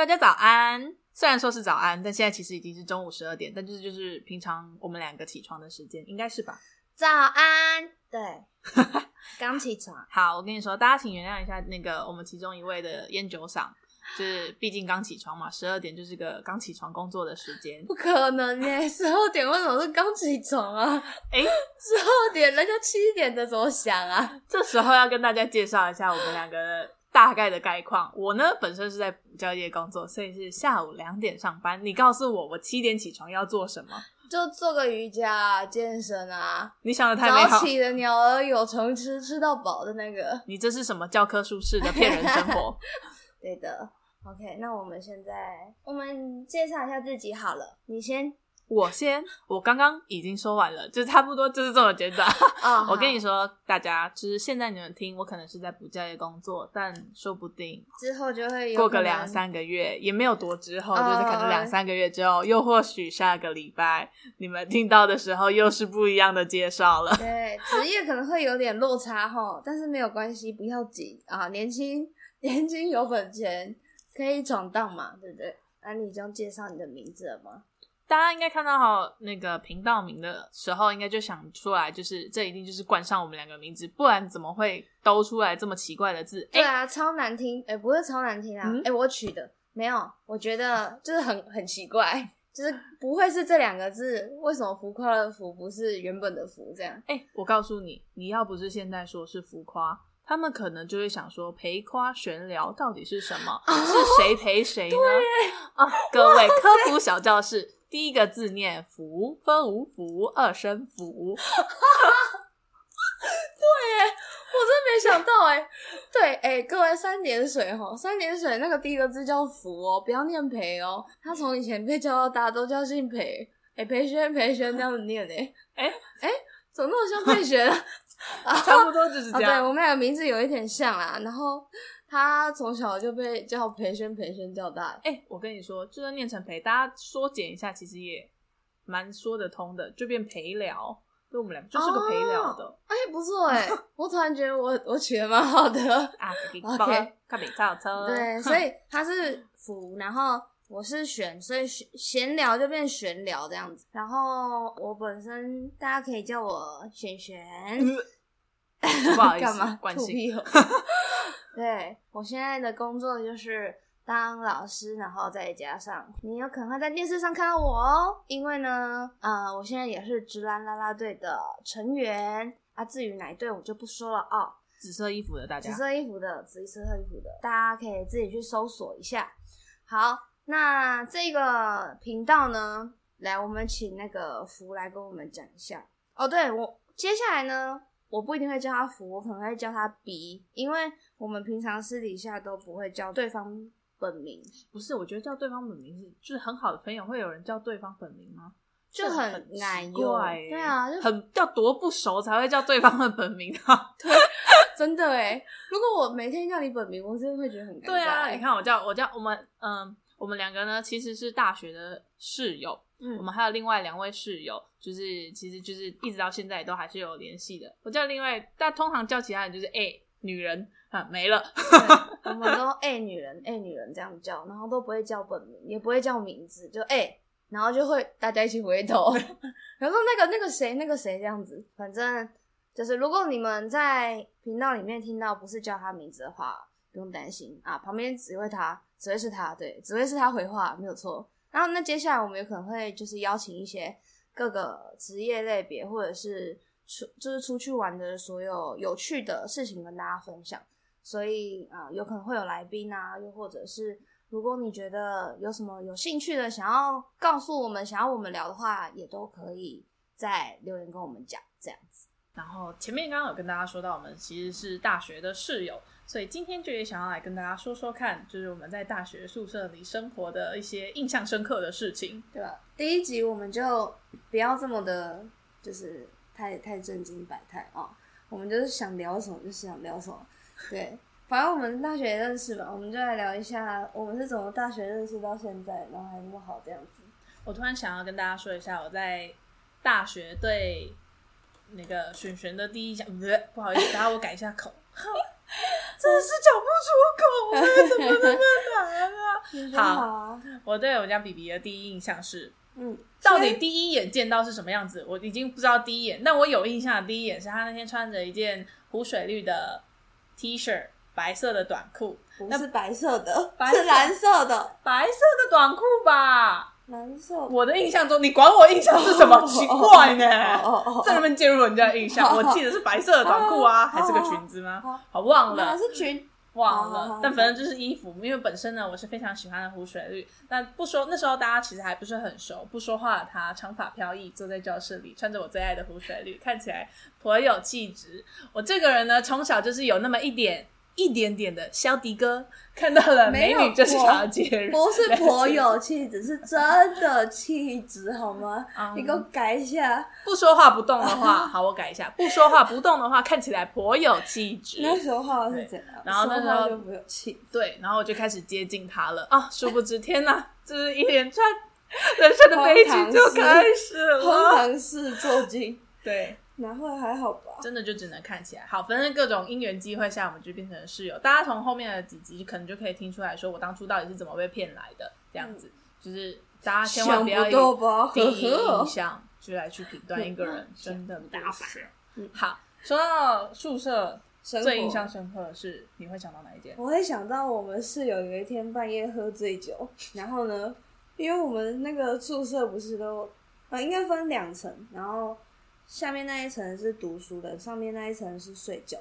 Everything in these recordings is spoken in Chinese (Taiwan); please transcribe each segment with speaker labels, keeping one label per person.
Speaker 1: 大家早安，雖然說是早安，但現在其實已經是中午十二點，但就是就是平常我們兩個起床的時間，應該是吧？早安，對，剛 起床。好，我跟你說，大家請原諒一下那個我們其中一位的菸酒嗓，就是畢竟剛起床嘛，十二點就是個剛起床工作的時間，不
Speaker 2: 可能耶，十二點為什麼
Speaker 1: 是剛起床啊？哎、欸，十二點，人家七點的怎麼想啊？ 這時候要跟大家介紹一下我們兩個。大概的概況，我呢本身是在補教業工作，所以是下午兩點上班。你告訴我，我七點起床要做什麼？就做
Speaker 2: 個瑜伽、啊、健身啊！
Speaker 1: 你想得太美好，早起
Speaker 2: 的鳥兒有蟲吃，吃到飽的那個。
Speaker 1: 你這是什麼教科書式的騙人生活？
Speaker 2: 對的。OK，那我們現在我們介紹一下自己好了，你先。
Speaker 1: 我先，我剛剛已經說完了，就差不多就是這麼簡短。哦、 我跟你說，大家其實、就是、現在你們聽，我可能是在補教業工作，但說不定之
Speaker 2: 後就會有。過個兩三
Speaker 1: 個月，也沒有多之後，呃、就是可能兩三個月之後，又或許下個禮拜你們聽到的時候又是不一樣的介紹了。
Speaker 2: 對，職業可能會有點落差齁，但是沒有關係，不要緊啊，年輕年輕有本錢，可以闖蕩嘛，對不對？那、啊、你就介紹你的名字了嗎？
Speaker 1: 大家應該看到好那個頻道名的時候，應該就想出來，就是這一定就是冠上我們兩個名字，不然怎麼會兜出來這麼奇怪的字？
Speaker 2: 欸、對啊，超難聽！哎、欸，不是超難聽啊！哎、嗯欸，我取的沒有，我覺得就是很很奇怪，就是不會是這兩個字，為什麼
Speaker 1: “浮誇”的“浮”不是原本的“浮”這樣？哎、欸，我告訴你，你要不是現在說是“浮誇”，他們可能就會想說“陪誇玄聊”到底是什麼？啊、是誰陪誰呢、欸
Speaker 2: 啊？各位 科普
Speaker 1: 小教室。第一個字念涪分 ū 涪，二聲涪。福
Speaker 2: 福 對誒，我真沒想到誒。 對誒、欸，各位三點水哈、喔，三點水那個第一個字叫涪哦、喔，不要念裴哦、喔。他從以前被教到大都叫姓裴，誒裴軒裴軒這樣子念誒誒哎，怎麼那麼像裴軒？ 差不多就是這樣， 啊、對我們兩個名字有一點像啊，然後。他從小就被叫培身培身叫
Speaker 1: 大。哎、欸，我跟你說，就算念成陪，大家縮減一下，其實也蠻說得通的，就變陪聊。對我們倆就是個陪聊
Speaker 2: 的。哎、哦欸，不錯哎、欸， 我突然覺得我我取得蠻好的
Speaker 1: 啊。好、okay,，k、okay, 比較好對，所以
Speaker 2: 他是涪，然後我是璇，所以閒聊就變璇聊這樣子。然後我本身大家可以叫我璇璇。 不好意思，土皮了。我 對我現在的工作就是當老師，然後再加上你有可能會在電視上看到我哦，因為呢，呃，我現在也是直男拉拉隊的成員啊。至於哪一隊，我就不說了
Speaker 1: 哦。紫色衣服的大家，紫色
Speaker 2: 衣服的，紫色衣服的，大家可以自己去搜索一下。好，那這個頻道呢，來，我們請那個涪來跟我們講一下。哦，對我接下來呢。我不一定會叫他福，我可能會叫他鼻，因為我們平常私底下都不會叫對方本名。
Speaker 1: 不是，我覺得叫對方本名是就是很好的朋友，會有人叫對方本名嗎？
Speaker 2: 就很難用，很奇怪欸，對啊，
Speaker 1: 就很要多不熟才會叫對方的本名啊
Speaker 2: 真的哎、欸，如果我每天叫你本名，我真的會覺得很
Speaker 1: 尷尬、欸。對啊，你看我叫，我叫我們嗯、呃，我們兩個呢其實是大學的室友。嗯，我們還有另外兩位室友，就是其實就是一直到現在都還是有聯繫的。我叫另外，但通常叫其他人就是“哎、欸、女人”啊，沒了，我們都、欸“哎女人”“哎、欸、女人”，這樣叫，然後
Speaker 2: 都不會叫本名，也不會叫名字，就、欸“哎”，然後就會大家一起回頭。 然後說那個那個誰那個誰這樣子，反正就是如果你們在頻道裡面聽到不是叫他名字的話，不用擔心啊，旁邊只會他，只會是他，對，只會是他回話，沒有錯。然後，那接下來我們有可能會就是邀請一些各個職業類別，或者是出就是出去玩的所有有趣的事情跟大家分享。所以啊，呃，有可能會有來賓啊，又或者是如果你覺得有什麼有興趣的，想要告訴我們，想要我們聊的話，也都可以
Speaker 1: 在留言跟我們講這樣子。然後前面剛剛有跟大家說到，我們其實是大學的室友，所以今天就也想要來跟大家說說看，就是我們在大學宿舍裡生活的一些印象深刻的事情，對吧？第一集我們就不要這
Speaker 2: 麼的，就是太太正經百態啊、哦，我們就是想聊什麼就是、想聊什麼，對，反正我們大學認識吧， 我們就來聊一下，我們是從大
Speaker 1: 學認識到現在，然後還那麼好這樣子。我突然想要跟大家說一下，我在大學對。那個璇璇的第一印象，呃、不好意思，然後我改一下口，真 的是講不出口啊， 我怎麼那麼難啊，啊？好，我對我家 BB 的第一印象是，嗯，到底第一眼見到是什麼樣子，我已經不知道第一眼，但我有印象的第一眼是他那天穿着一件湖水綠的 T 恤，白色的短褲，那是
Speaker 2: 白色的白色，是藍色的，
Speaker 1: 白色的短褲吧？難受的我的印象中，你管我印象是什麼？ 奇怪呢、欸 在那邊介入人家的印象。我記得是白色的短褲啊 還是個裙子嗎？好忘了。是裙，忘了。但反正就是衣服，因為本身呢，我是非常喜歡的湖水綠。那不說那時候大家其實還不是很熟，不說話的，她長髮飄逸，坐在教室裡，穿着我最愛的湖水綠，看起來頗有氣質。我這個人呢，從小就是有那麼一點。一點點的肖迪哥看到了美女就是小姐的人，不是頗有
Speaker 2: 氣質，是真的氣質好嗎？Um, 你給我改一
Speaker 1: 下。不說話不動的話，好，我改一下。不說話不動的話， 看起來頗有氣質。那時候話是怎樣？然後那時候就沒有氣。對，然後我就開始接近他了。啊，殊不知天，天吶，這是一連串人生的悲劇就開始了，荒唐事震驚。對。然後還好吧，真的就只能看起來好，反正各種因緣機會下，我們就變成室友。大家從後面的幾集可能就可以聽出來說，我當初到底是怎麼被騙來的。這樣子、嗯、就是大家千萬不要以不第一印象就來去評斷一個人，嗯、真的大嗯，好，說到宿舍生活，最印象深刻的是你會想到哪一件？我
Speaker 2: 會想到我們室友有一天半夜喝醉酒，然後呢，因為我們那個宿舍不是都啊、呃，應該分兩層，然後。下面那一層是讀書的，上面那一層是睡覺。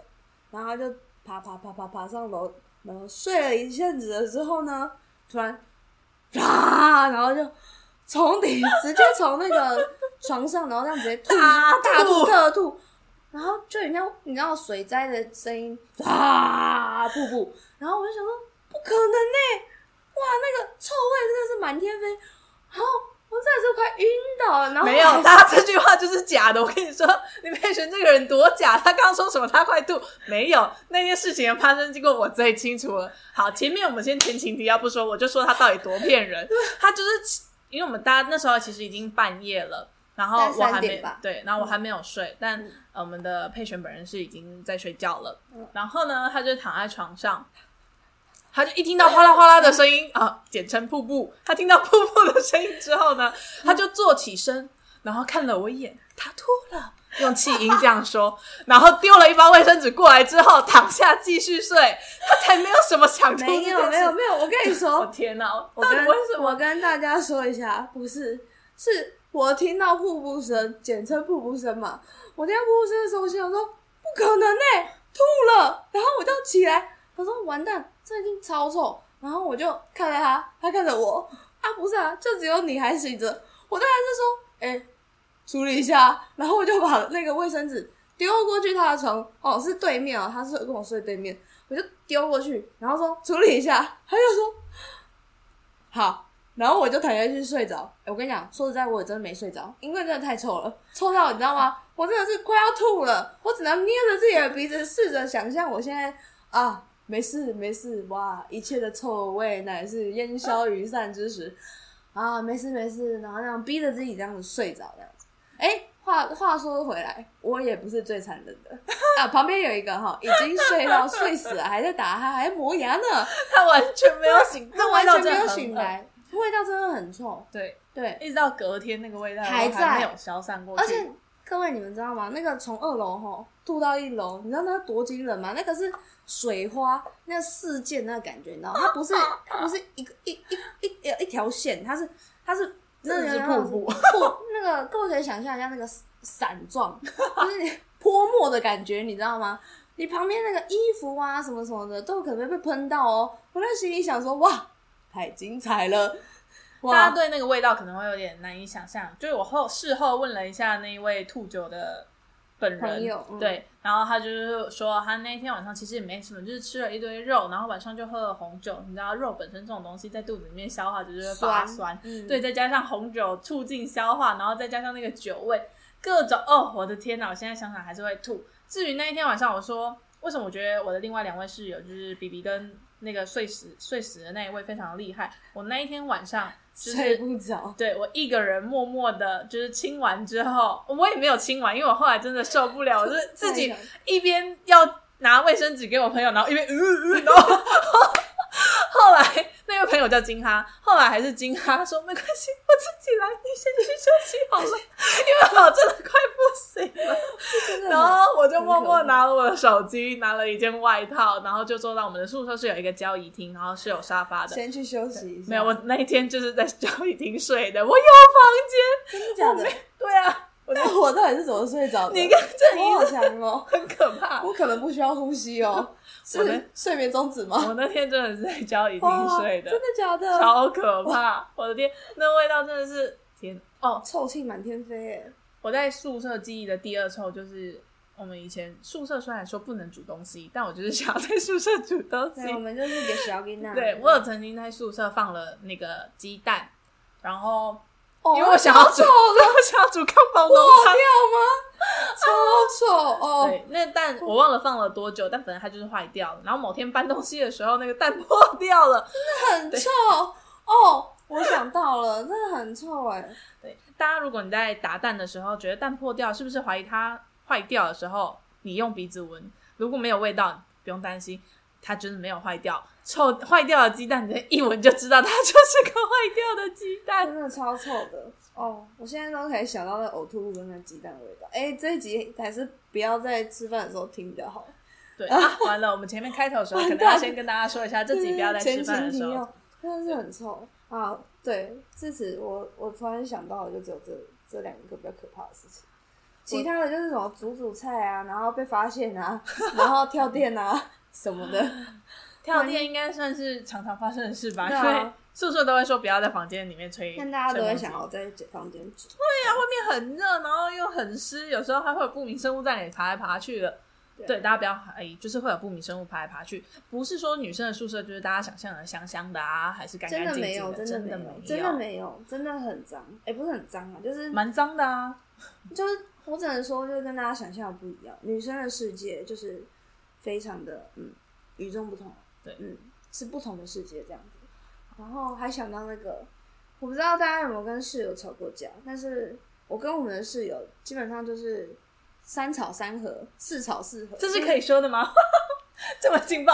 Speaker 2: 然後就爬，爬爬爬爬爬上樓，然後睡了一陣子的時候呢，突然，啊！然後就從頂，直接從那個床上，然後這樣直接吐大，大吐特吐，然後就有那你知道水災的聲
Speaker 1: 音，啊！
Speaker 2: 瀑布。然後我就想說，不可能呢、欸！哇，那個臭味真的是滿天飛，然後我真的快暈倒了，然後沒有，他這句
Speaker 1: 話就是假的。我跟你說，你佩璇這個人多假！他剛剛說什麼他快吐？沒有，那件事情的發生經過我最清楚了。好，前面我們先前情提要不說，我就說他到底多騙人。他就是因為我們大家那時候其實已經半夜了，然後我還沒對，然後我還沒有睡，嗯、但、嗯嗯、我們的佩璇本人是已經在睡覺了。然後呢，他就躺在床上。他就一聽到嘩啦嘩啦的聲音 啊，簡稱瀑布。他聽到瀑布的聲音之後呢，他就坐起身，然後看了我一眼，他吐了，用氣音這樣說， 然後丟了一包衛生紙過來之後，躺下繼續睡。他才沒有什麼想吐， 沒有沒有沒有。我跟你說， 哦、天吶，我跟到底為什麼，我
Speaker 2: 跟大家說一下，不是，是我聽到瀑布聲，簡稱瀑布聲嘛。我聽到瀑布聲的時候，我心想說，不可能呢！、欸，吐了。然後我就起來。我說，完蛋，這已經超臭，然後我就看着他，他看着我，啊不是啊，就只有你還醒着。我當然是說，哎，處理一下，然後我就把那個衛生紙丟過去他的床，哦，是對面啊，他是跟我睡對面，我就丟過去，然後說處理一下，他就說好，然後我就躺下去睡著，誒，我跟你講，說實在，我也真的沒睡着，因為真的太臭了，臭到你知道嗎？我真的是快要吐了，我只能捏着自己的鼻子，試着想象我現在啊。沒事沒事，哇！一切的臭味乃是煙消雲散之時， 啊，沒事沒事，然後這樣逼着自己這樣子睡着這樣子。哎、欸，話話說回來，我也不是最殘忍的 啊，旁邊有一個哈，已經睡到 睡
Speaker 1: 死了，還在打鼾，還磨牙呢，他完全沒有醒，他完全沒有醒來、嗯，味道真的很臭，對對，一直到隔天那個味道還在沒有消散過去。
Speaker 2: 各位，你們知道嗎？那個從二樓吼吐到一樓，你知道那多驚人嗎？那個是水花，那個事件，那個感覺，你知道嗎？它不是它不是一個一一一一條線，它是它是那個瀑布，瀑布那個可以想象一下那個傘狀，就是你潑墨的感覺，你知道嗎？你旁邊那個衣服啊什麼什麼的都有可能會被噴到哦。我在心裡想說，哇，
Speaker 1: 太精彩了。Wow, 大家對那個味道可能會有點難以想象，就是我後事後問了一下那一位吐酒的本人、嗯，對，然後他就是說他那一天晚上其實也沒什麼，就是吃了一堆肉，然後晚上就喝了紅酒。你知道肉本身這種東西在肚子裡面消化就是發酸，酸、嗯，對，再加上紅酒促進消化，然後再加上那個酒味，各種哦，我的天哪！我現在想想還是會吐。至於那一天晚上，我說為什麼我覺得我的另外兩位室友就是比比跟那個睡死睡死的那一位非常厲害，我那一天晚上，睡、就是、不着，對，我一個人默默的，就是親完之後，我也沒有親完，因為我後來真的受不了，我是自己一邊要拿衛生紙給我朋友，然後一邊嗯嗯， 然後。 我叫金哈，後來還是金哈他說沒關係，我自己來，你先去休息好了，因為我真的快不行了。 然後我就默默拿了我的手機，拿了一件外套，然後就坐到我們的宿舍是有一個交誼廳，然後是有沙發的，先去休息一下。沒有，我那一天就是在交誼廳睡的，我有房間。真假的？我沒，對啊。
Speaker 2: 我我到底是怎麼睡着的？ 你看這煙好強哦，很可怕。我可能不需要呼吸哦，是，
Speaker 1: 是睡眠中止嗎？我那，我那天真的是在焦一定睡的。哦，真的假的？超可怕！我的天，那味道真的是天哦，臭氣滿天飛耶。我在宿舍記憶的第二臭就是我們以前宿舍雖然說不能煮東西，但我就是想要在宿舍煮東西。 我們就是給小要給那。對，我有曾經在宿舍放了那個雞蛋，然後。因為我想要煮，我想要煮，康寶濃湯，破掉嗎？超醜哦！ 啊 oh. 對，那個、蛋我忘了放了多久，但反正它就是壞掉了。然後某天搬東西的時候，那個蛋破掉了，真的很臭哦！Oh, 我想到了， 真的很臭哎、欸！對，大家如果你在打蛋的時候覺得蛋破掉，是不是懷疑它壞掉的時候？你用鼻子聞，如果沒有味道，不用擔心。它真的沒有壞掉。臭壞掉的雞蛋，你一聞就知道，它就是個壞掉的雞蛋，真的超臭的。哦，我
Speaker 2: 現在都可以想到那嘔吐
Speaker 1: 跟那雞蛋
Speaker 2: 味道。哎、欸，這一集還是不要在吃飯的時候聽比較好。
Speaker 1: 對啊，完，完了，我們前面開頭的時候，可能要先跟大家說
Speaker 2: 一下，這集不要在吃飯的時候。真的是很臭啊！對，至此我我突然想到的就只有這這兩個比較可怕的事情，其他的就是什麼煮煮菜啊，然後被發現啊，然後跳電啊。
Speaker 1: 什麼的，跳 電應該算是常常發生的事吧。因為、啊、宿舍都會說不要在房間裡面吹，但大家都會想要在房間住。對啊，外面很熱，然後又很濕，有時候還會有不明生物在裡爬來爬去的。對，大家不要懷疑，就是會有不明生物爬來爬去。不是說女生的宿舍就是大家想象的香香的啊，還是乾乾淨淨，淨的，真的，真的？真的沒有，真的
Speaker 2: 沒有，真的很髒。哎、欸，不是很髒啊，就是蠻髒的啊。就是我只能說，就是跟大家想象的不一樣。女生的世界就是非常的嗯，與眾不同，對，嗯，是不同的世界這樣子。然後還想到那個，我不知道大家有沒有跟室友吵過架，但是我跟我們的室友基本上就是三吵三和，四吵四和，這是可以
Speaker 1: 說的嗎？這麼
Speaker 2: 勁爆？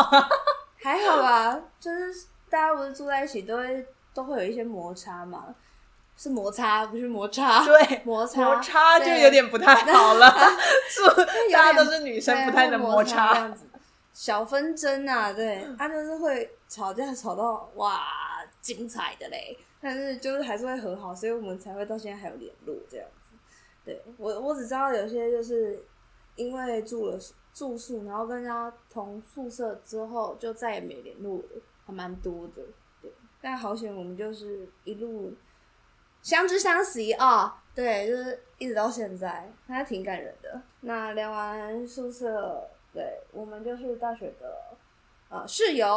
Speaker 2: 還好吧、啊，就是大家不是住在一起，都會都會有一些摩擦嘛。是摩擦，不是摩擦，對，摩擦，摩擦就有點不太好了。啊、住大家都是女生，不太能摩擦，摩擦這樣子小紛爭啊，對，他、嗯啊、就是會吵架吵到哇精彩的嘞，但是就是還是會和好，所以我們才會到現在還有聯絡這樣子。對我，我只知道有些就是因為住了住宿，然後跟人家同宿舍之後就再也沒聯絡了，還蠻多的。對，但好險我們就是一路。相知相惜啊、哦，對，就是一直到現在，還挺感人的。那聊完宿舍，對，我們就是大
Speaker 1: 學的，呃、啊，室友。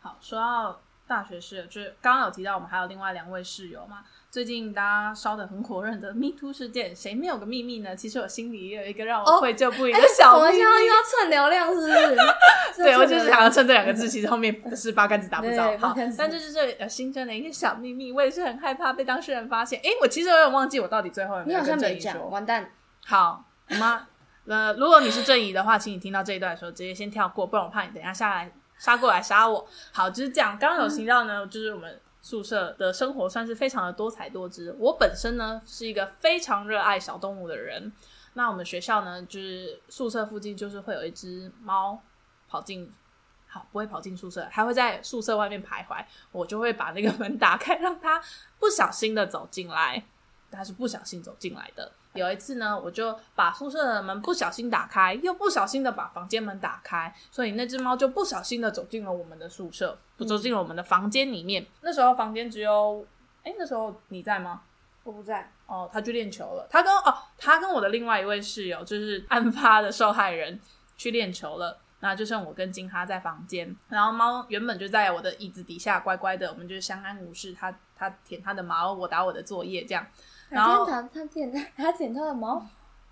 Speaker 1: 好，說到大學室友，就是剛剛有提到我們還有另外兩位室友嘛。最近大家燒的很火熱的 “me too” 事件，誰沒有個秘密呢？其實我心裡也有一個讓我愧疚不已的小秘密。哦欸、我現在又要蹭流量，是不是， 是？對，我就是想要蹭這兩個字，其實後面是八竿子打不着，嗯。好，但這就是新增的一個小秘密。我也是很害怕被當事人發現。誒、欸，我其實我有點忘記我到底最後有沒有跟正怡說完蛋，好嗎？ 呃，如果你是正怡的話，請你聽到這一段的時候直接先跳過，不然我怕你等一下下來殺過來殺我。好，就是這樣。剛剛有聽到呢、嗯，就是我們。宿舍的生活算是非常的多彩多姿。我本身呢是一個非常熱愛小動物的人。那我們學校呢，就是宿舍附近就是會有一隻貓跑進，好，不會跑進宿舍，還會在宿舍外面徘徊。我就會把那個門打開，讓它不小心的走進來，它是不小心走進來的。有一次呢，我就把宿舍的門不小心打開，又不小心的把房間門打開所以那只貓就不小心的走進了我們的宿舍，不、嗯、走進了我們的房間裡面。那時候房間只有，哎、欸，那時候你在嗎？我不在。哦，他去練球了。他跟，哦，他跟我的另外一位室友就是案發的受害人去練球了。那就剩我跟金哈在房間。然後貓原本就在我的椅子底下乖乖的，我們就相安無事。他他舔他的毛，我打我的作業這樣。然後
Speaker 2: 他他剪他
Speaker 1: 撿他的貓，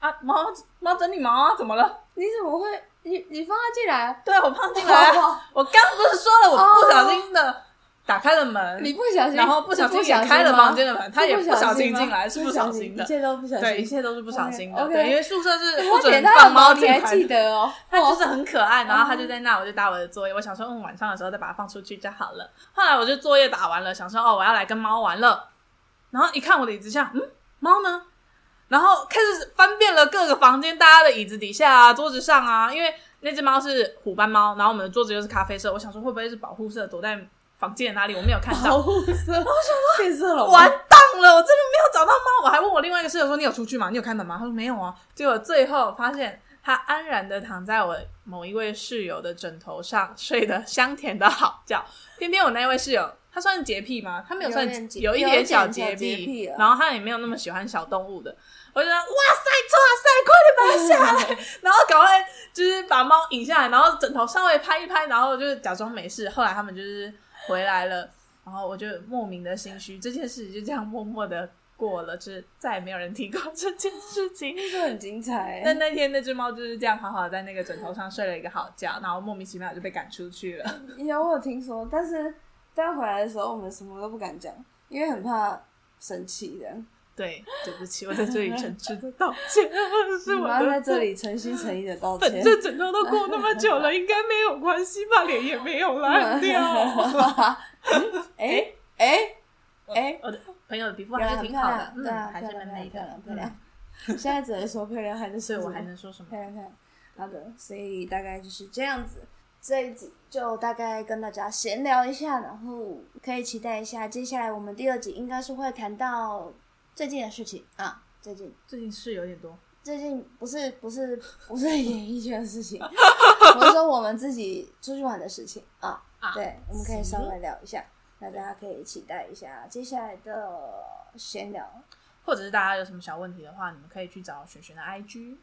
Speaker 1: 啊，貓貓整理毛啊，怎麼了？你怎麼會你你放他進來、啊？對、啊、我放進來、啊哦哦。我剛，剛不是說了，我不小心的打開了門。你不小心，然後不小心也開了房間的門，他也不小心進來，是不小心的小心。一切都不小心，對，一切都是不小心的。Okay, okay. 對，因為宿舍是不准放貓進來。你還記得哦，哦？他就是很可愛，然後他就在那，我就打我的作業。哦、我想說，嗯，晚上的時候再把它放出去就好了。後來我就作業打完了，想說，哦，我要來跟貓玩了。然後一看我的椅子像嗯，貓呢？然後開始翻遍了各個房間，大家的椅子底下啊，桌子上啊。因為那只貓是虎斑貓，然後我們的桌子又是咖啡色，我想說會不會是保護色，躲在房間的哪裡？我沒有看到。保護色，我想說變色龍，完蛋了！我真的沒有找到貓。我還問我另外一個室友說：“你有出去嗎？你有開門嗎？”他說：“沒有啊、哦。”結果最後發現，它安然的躺在我某一位室友的枕頭上，睡得香甜的好覺。偏偏我那一位室友。他算潔癖嗎？他沒有算有一點小潔癖，有點小潔癖，然後他也沒有那麼喜歡小動物的。嗯、我就說：“哇塞，哇塞，快點把它下來！”嗯、然後趕快就是把貓引下來，然後枕頭稍微拍一拍，然後就假裝沒事。後來他們就是回來了，然後我就莫名的心虛，這件事情就這樣默默的過了，就是再也沒有人提過這件事情。 很精彩、欸。但那天那只貓就是這樣好好在那個枕頭上睡了一個好覺，然後莫名其妙就被趕出去了。
Speaker 2: 有我有聽說，但是。但回來的時候，我們什麼都不敢講，因為很怕生氣的。
Speaker 1: 對，對不起，我在這裡誠摯的道歉。是，我在這裡誠
Speaker 2: 心誠意的道歉。本這枕頭都過那麼久
Speaker 1: 了， 應該沒有關係吧？臉也沒有爛掉。哎哎哎，我、欸、的、喔欸喔、朋友，的皮膚還是挺好的，嗯，還是蠻美的。漂
Speaker 2: 亮，現在只能說漂亮還能。所以我還能說什麼？漂亮，漂亮。好的，所以大概就是這樣子。這一集就大概跟大家閒聊一下，然後可以期待一下接下來我們第二集應該是會談到最近的事情啊，最近最近事有點多，最近不是不是不是演藝圈的事情，我 說我們自己出去玩的事情啊，啊，對，我們可以
Speaker 1: 稍微聊一下，那、嗯、大家可以期待一下接下來的閒聊，或者是大家有什麼小問題的話，你們可以去找璇璇的 IG，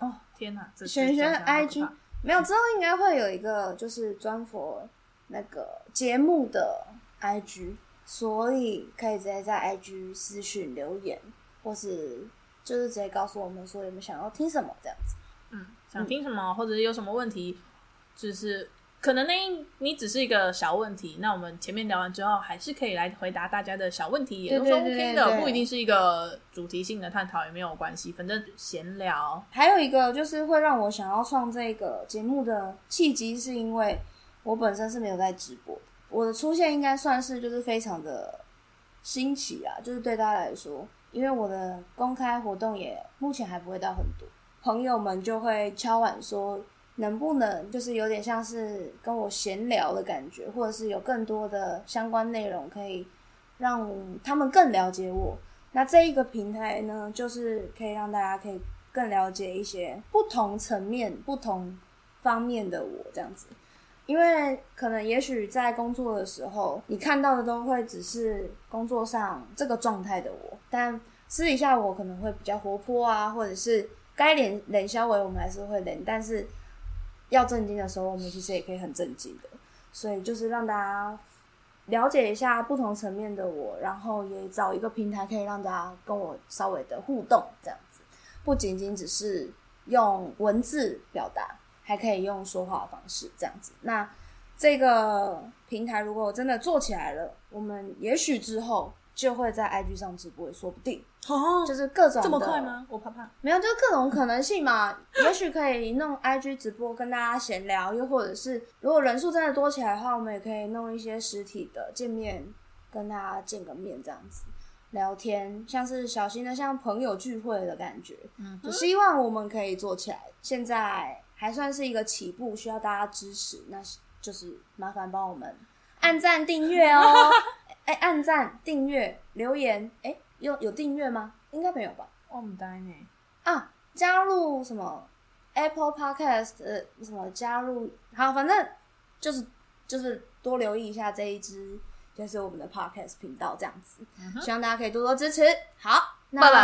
Speaker 1: 哦天哪這是，璇璇的
Speaker 2: IG。沒有，之後應該會有一個就是專佛那個節目的 IG，所以可以直接在 IG 私訊、留言，或是就是直接
Speaker 1: 告訴我們說你們想要聽什麼這樣子。嗯，想聽什麼、嗯、或者是有什麼問題，就是。可能呢，你只是一個小問題，那我們前面聊完之後，還是可以來回答大家的小問題，也都是 OK 的，不一定是一個主題性的探討也沒有關係，反正閒聊。
Speaker 2: 還有一個就是會讓我想要創這個節目的契機，是因為我本身是沒有在直播，我的出現應該算是就是非常的新奇啊，就是對大家來說，因為我的公開活動也目前還不會到很多，朋友們就會敲碗說。能不能就是有點像是跟我閒聊的感覺，或者是有更多的相關內容，可以讓他們更了解我。那這一個平台呢，就是可以讓大家可以更了解一些不同層面、不同方面的我這樣子。因為可能也許在工作的時候，你看到的都會只是工作上這個狀態的我，但私底下我可能會比較活潑啊，或者是該冷冷，稍微我們還是會冷，但是。要正經的時候，我們其實也可以很正經的，所以就是讓大家了解一下不同層面的我，然後也找一個平台可以讓大家跟我稍微的互動，這樣子，不僅僅只是用文字表達，還可以用說話的方式這樣子。那這個平台如果真的做起來了，我們也許之後。就會在 IG 上直播也說不定，哦、就是各種這麼快嗎？我怕怕，沒有，就是各種可能性嘛。 也許可以弄 IG 直播跟大家閒聊，又或者是如果人數真的多起來的話，我們也可以弄一些實體的見面，嗯、跟大家見個面這樣子聊天，像是小型的像朋友聚會的感覺。嗯，就希望我們可以做起來。現在還算是一個起步，需要大家支持，那就是麻煩幫我們按讚訂閱哦。 哎、欸，按讚、訂閱、留言，哎、欸，有有訂閱嗎？應該沒有吧？我、哦、不答應你、欸、啊，加入什麼 Apple Podcast？呃，什麼加入？好，反正就是就是多留意一下這一支，就是我們的 Podcast 頻道這樣子、嗯。希望大家可以多多支持。好，那拜拜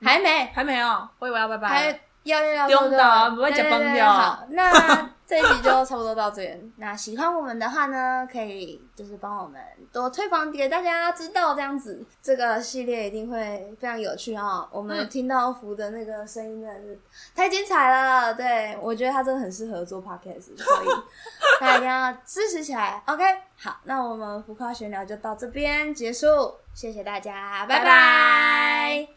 Speaker 2: 還沒、嗯，還沒哦。我以為要拜拜還。要要要說說說說，丟掉不會講崩掉。對對對對，好 那。 這一集就差不多到這邊。那喜歡我們的話呢，可以就是幫我們多推廣給大家知道，這樣子這個系列一定會非常有趣啊、哦！我們聽到福的那個聲音真的是太精彩了，對，我覺得他真的很適合做 podcast，所以大家支持起來。 OK，好，那我們浮誇璇聊就到這邊結束，謝謝大家，拜拜。拜拜。